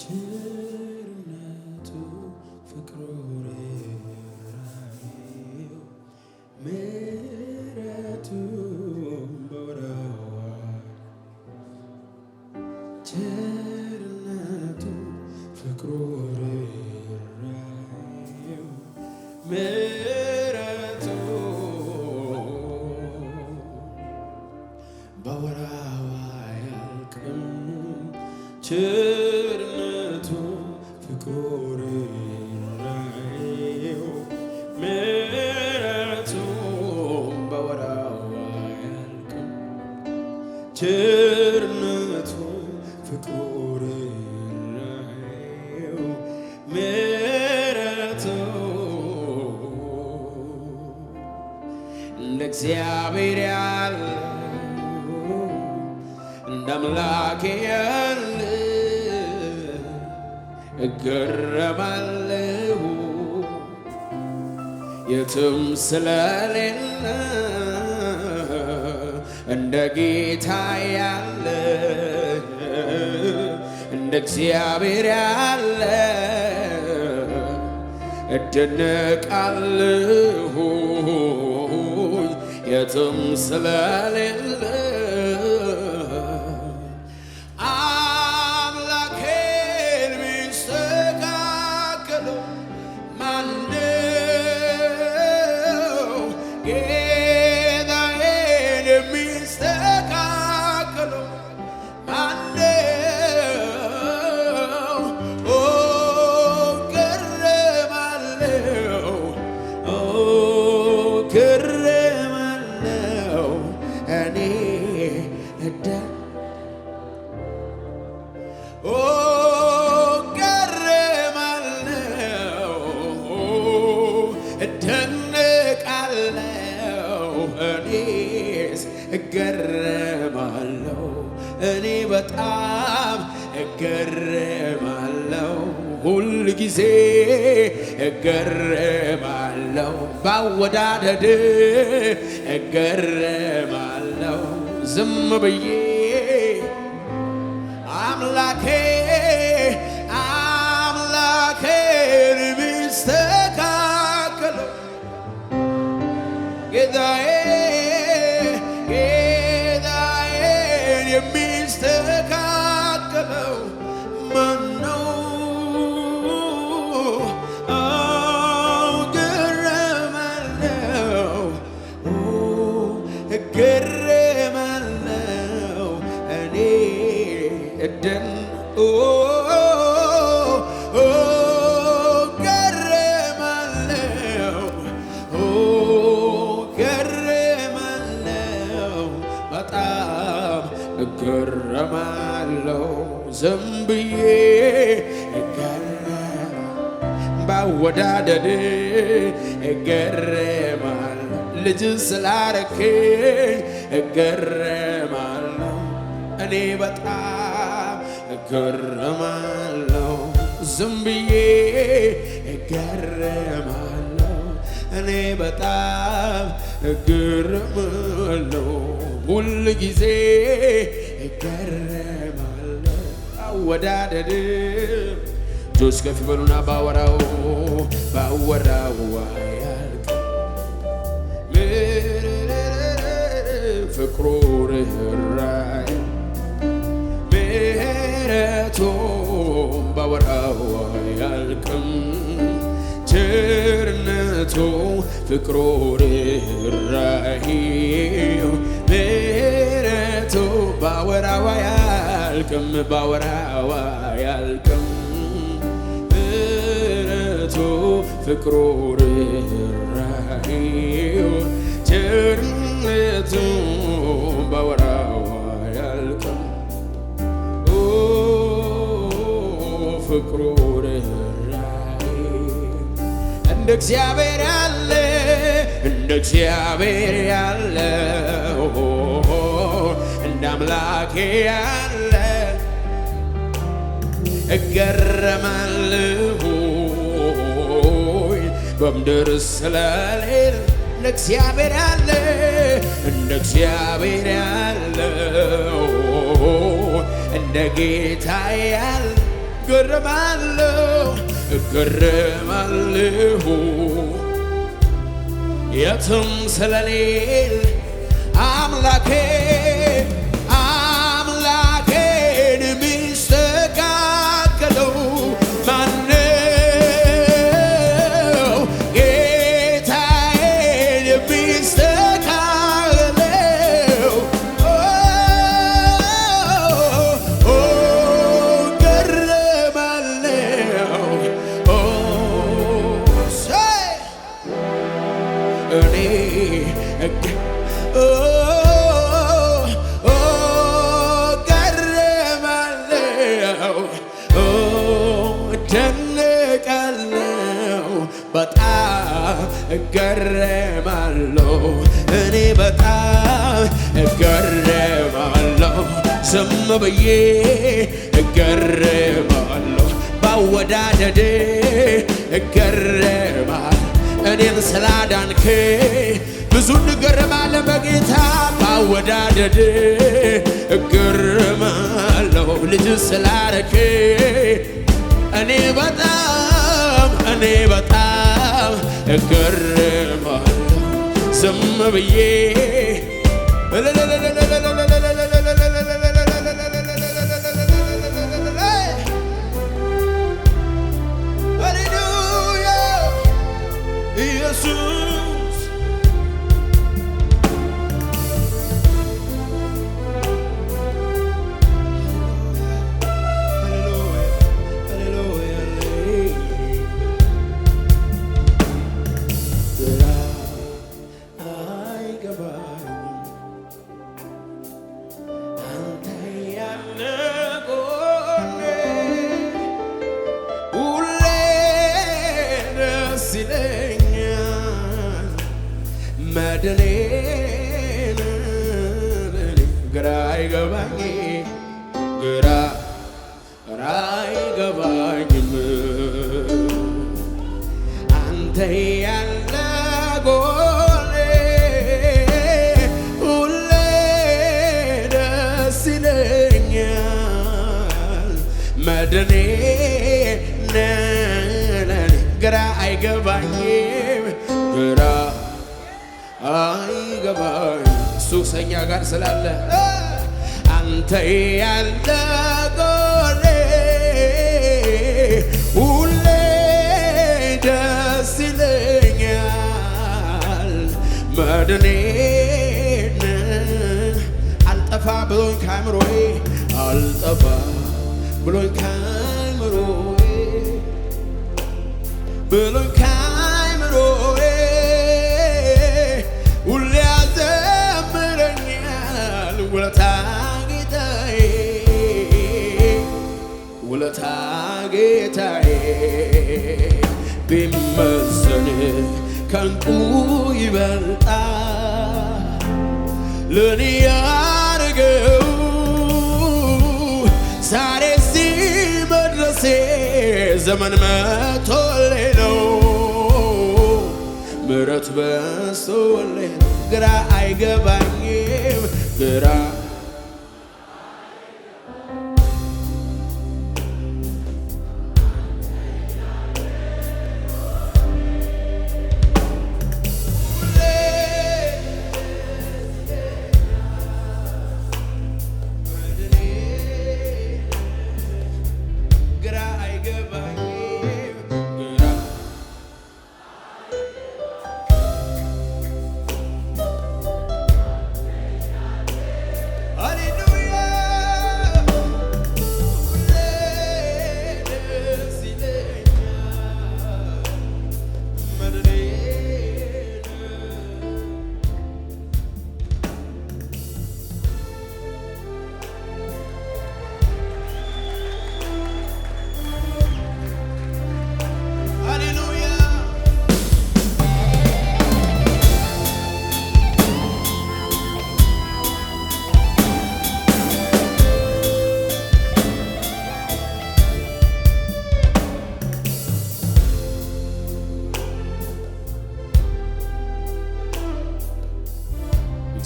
to ቸርነቱ ፍቅሩ ምሕረቱ እንደ ያለ እንደ አምላክ ያለ እገረማለሁ የትም ስለሌለ እንደ ጌታ ያለ እንደ እግዚአብሔር ያለ እደነቃለሁ የትም ስለሌለ ሁልጊዜ እገረማለው ባወዳደድ እገረማለው ዝም ብዬ አምላኬ አምላኬን ቢስተካከል ጌታዬ ጌታዬን የሚስተካከለው ማነው? ብዬ ይገረማል፣ ባወዳደድ ይገረማል፣ ልጅ ስላረከኝ እገረማለሁ፣ እኔ በጣም እገረማለሁ፣ ዝም ብዬ እገረማለሁ፣ እኔ በጣም እገረማለሁ፣ ሁል ጊዜ እገረማለሁ በአወዳደድ እጆች ከፍ በሉና ባወራው ባወራው አያልቅም ፍቅሩ ርኅራኄ ምሕረቱም ባወራው አያልቅም ቸርነቱ ፍቅሩ ርኅራኄው ምሕረቱ ባወራው አያልቅም አያልቅም ባወራ አያልቅም እረቱ ፍቅሩ ርህራሄው ቸርነቱ ባወራ አያልቅም ፍቅሩ ርህራሄው እንደ እግዚአብሔር ያለ እንደ እግዚአብሔር ያለ እንደ አምላኬ ያለ እገረማለሁ በምድር ስለሌለ እንደ እግዚአብሔር ያለ እንደ እግዚአብሔር እንደ ጌታ ያለ እገረማለሁ እገረማለሁ የትም ስለሌለ አምላኬ በህይወቴ ብዙ ንገርማለ በጌታ ባወዳደድ እገርማለሁ ልጅ ስላረኬ እኔ በጣም እኔ በጣም እገርማለሁ ዝም ብዬ ግራ አይገባኝም፣ ግራ አይገባኝ እሱ ከእኛ ጋር ስላለ አንተ ያለ ጎኔ ሁሌ ደስ ይለኛል መድኔን አልጠፋ ብሎኝ ካምሮዬ አልጠፋ ብሎኝ ካይምሮዬ ብሎኝ ካይምሮዬ ሁሌ ያዘምረኛል ቢመዘን ከንቱ ይበልጣል ለኔ ያደረገው ዘመን መቶሌ ነው ምረት በስቶሌ ግራ አይገባኝም ግራ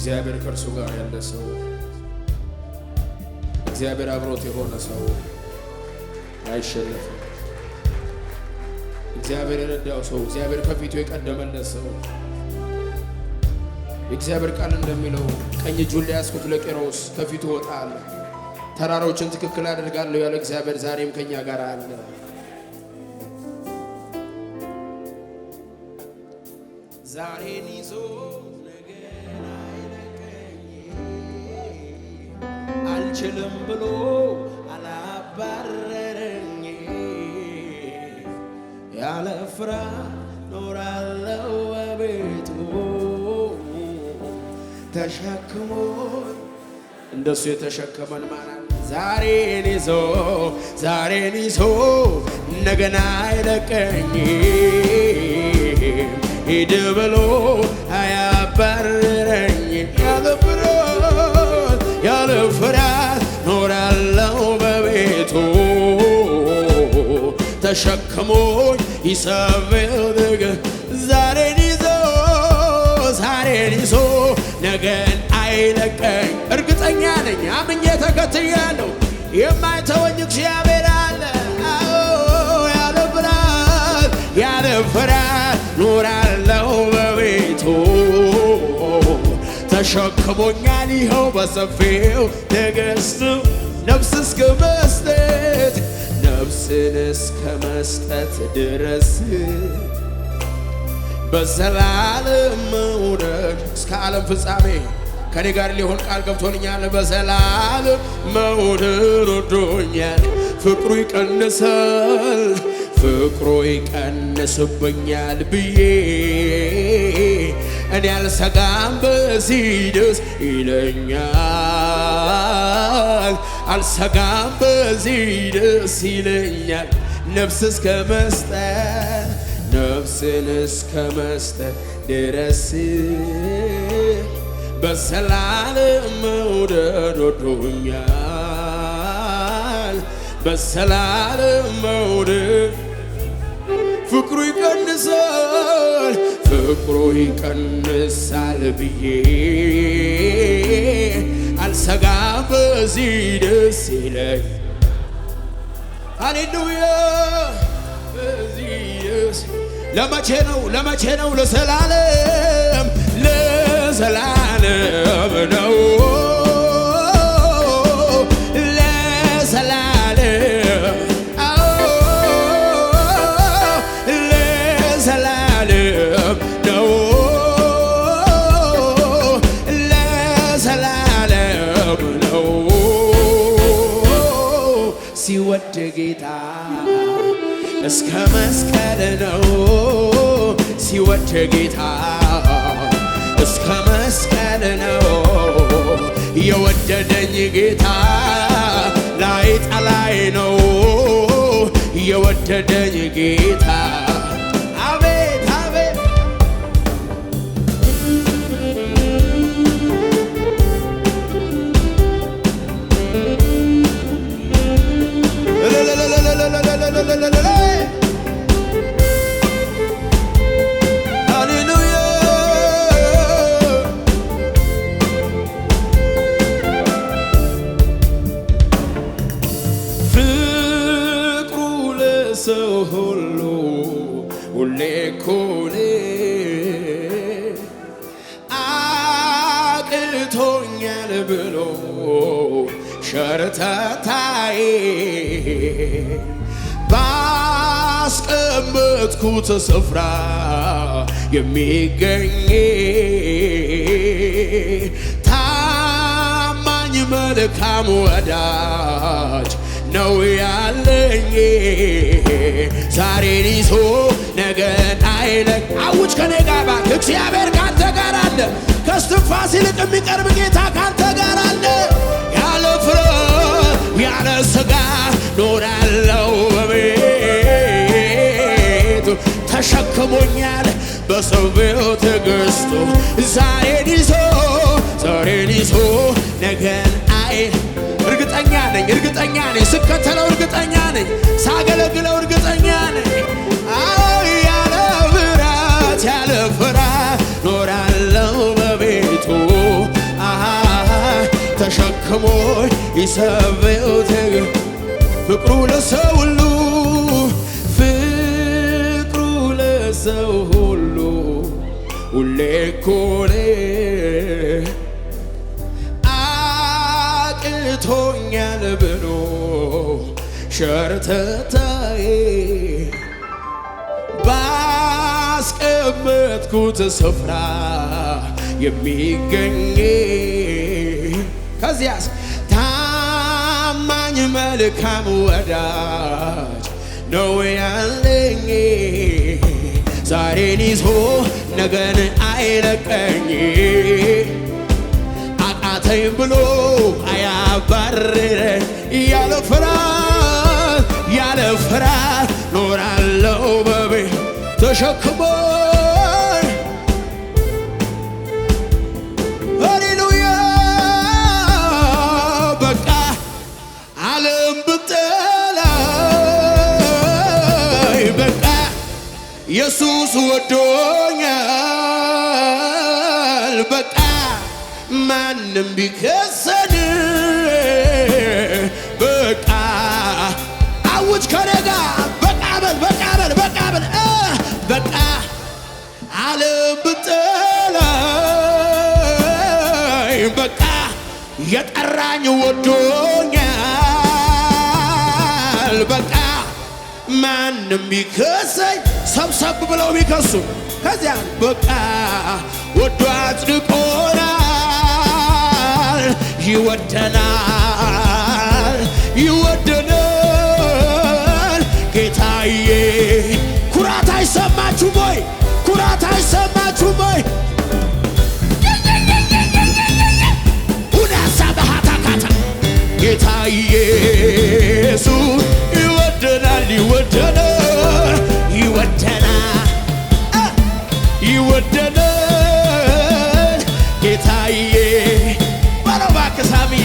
እግዚአብሔር ከእርሱ ጋር ያለ ሰው፣ እግዚአብሔር አብሮት የሆነ ሰው አይሸነፍም። እግዚአብሔር የረዳው ሰው፣ እግዚአብሔር ከፊቱ የቀደመለት ሰው የእግዚአብሔር ቃል እንደሚለው ቀኝ እጁን ሊያስኩት ለቄሮስ ከፊቱ እወጣለሁ፣ ተራሮችን ትክክል አደርጋለሁ ያለ እግዚአብሔር ዛሬም ከኛ ጋር አለ። ዛሬን ይዞ አልችልም ብሎ አላባረረኝ። ያለ ፍርሃት ኖራለው በቤቱ እንደሱ የተሸከመን ማለት ዛሬን ይዞ ዛሬን ይዞ እንደገና አይለቀኝ ሂድ ብሎ አያባረረኝ ፍርሃት ኖራለው በቤቱ ተሸክሞኝ ይሰብል ዛሬን ይዞ ዛሬን ይዞ ነገን አይለቀኝ። እርግጠኛ ነኝ አምኜ ተከትያለሁ። የማይተወኝ እግዚአብሔር አለ። ያለ ፍርሃት ያለ ፍርሃት ኖራለው በቤቱ ተሸክሞኛል ይኸው በሰፊው ትዕግስቱ ነፍስ እስከ መስጠት ነፍስን እስከ መስጠት ድረስ በዘላለም መውደድ እስከ ዓለም ፍጻሜ ከኔ ጋር ሊሆን ቃል ገብቶልኛል። በዘላለም መውደድ ወዶኛል። ፍቅሩ ይቀንሳል ፍቅሩ ይቀንስብኛል ብዬ እኔ አልሰጋም በዚህስ ይለኛል አልሰጋም በዚህስ ይለኛል ነፍስ እስከ መስጠት ነፍስን እስከ መስጠት ድረስ በሰላም መውደድ ወዶኛል በሰላም መውደድ ፍቅሩ ይቀንሳል ፍቅሩ ይቀንሳል ብዬ አልሰጋም። በዚህ ደስ ይለኝ። ሃሌሉያ ለመቼ ነው ለመቼ ነው? ለዘላለም ለዘላለም ነው እስከ መስቀል ነው ሲወድ ጌታ እስከ መስቀል ነው የወደደኝ ጌታ ላይ ጠላይ ነው የወደደኝ ጌታ ሰው ሁሉ ሁሌ ኩኔ አቅቶኛል ብሎ ሸርተታዬ ባስቀመጥኩት ስፍራ የሚገኝ ታማኝ መልካም ወዳጅ ነው ያለኝ። ዛሬን ይዞ ነገን አይለቅ። አውጭ ከኔ ጋር ባክ እግዚአብሔር ካንተ ጋር አለ። ከስትንፋስ ይልቅ የሚቀርብ ጌታ ካንተ ጋር አለ። ያለ ፍረ ያለ ስጋ ኖራለው ተሸክሞኛል በሰው ተገዝቶ ዛሬን ይዞ ዛሬን ይዞ ነገን አይ እርግጠኛ ነኝ እርግጠኛ ነኝ ስከተለው እርግጠኛ ነኝ ሳገለግለው እርግጠኛ ነኝ አዎ ያለ ፍራት ያለ ፍራት ኖራለው በቤቱ ተሸክሞ ይሰበው ፍቅሩ ለሰው ሁሉ ሰው ሁሉ ሁሌ ኮኔ አቅቶኛል ብሎ ሸርተታዬ ባስቀመጥኩት ስፍራ የሚገኝ ከዚያስ ታማኝ መልካም ወዳጅ ነው ያለኝ ዛሬን ይዞ ነገን አይለቀኝ አቃተኝ ብሎ አያባርረኝ ያለ ፍርሃት ያለ ፍርሃት ኖራለው በቤት ተሸክሞ ኢየሱስ ወዶኛል በቃ ማንም ቢከሰን በቃ አውጅ ከነጋ በቃ በል በቃ በል በቃ በል በቃ ዓለም ብጠላይ በቃ የጠራኝ ወዶኛል በቃ ማንም ቢከሰኝ ሰብሰብ ብለው ቢከሱ ከዚያ በቃ ወዶ አጽድቆናል፣ ይወደናል፣ ይወደናል ጌታዬ። ኩራት አይሰማችሁም ወይ? ኩራት አይሰማችሁም ወይ? ጌታዬ የወደደን ጌታዬ ባረባክ ሳምዬ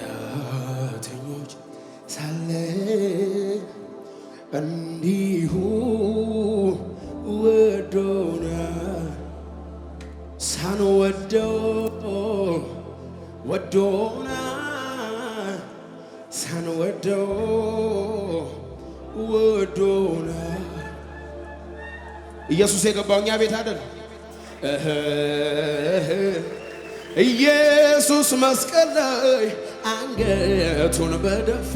ኃጢአተኞች ሳለን እንዲሁ ወዶናል። ሳንወደው ወዶናል። ሳንወደው ወዶናል። ኢየሱስ የገባው እኛ ቤት አይደል? ኢየሱስ መስቀል ላይ አንገቱን በደፋ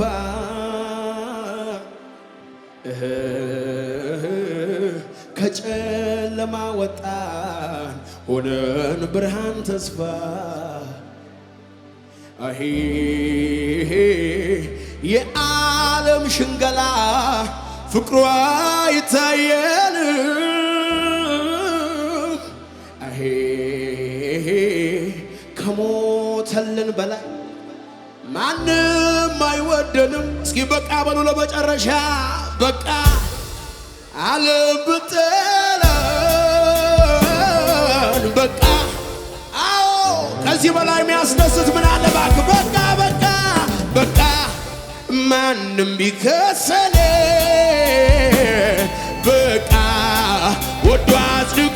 ከጨለማ ወጣን ሆነን ብርሃን ተስፋ አሄ የዓለም ሽንገላ ፍቅሯ ይታየን አሄ ከሞተልን በላይ ማንም አይወደንም። እስኪ በቃ በሉ ለመጨረሻ በቃ ዓለም ብትለን በቃ አዎ፣ ከዚህ በላይ የሚያስደስት ምን አለ እባክህ? በቃ በቃ በቃ ማንም ቢከሰኔ በቃ ወዶ አጽድቆ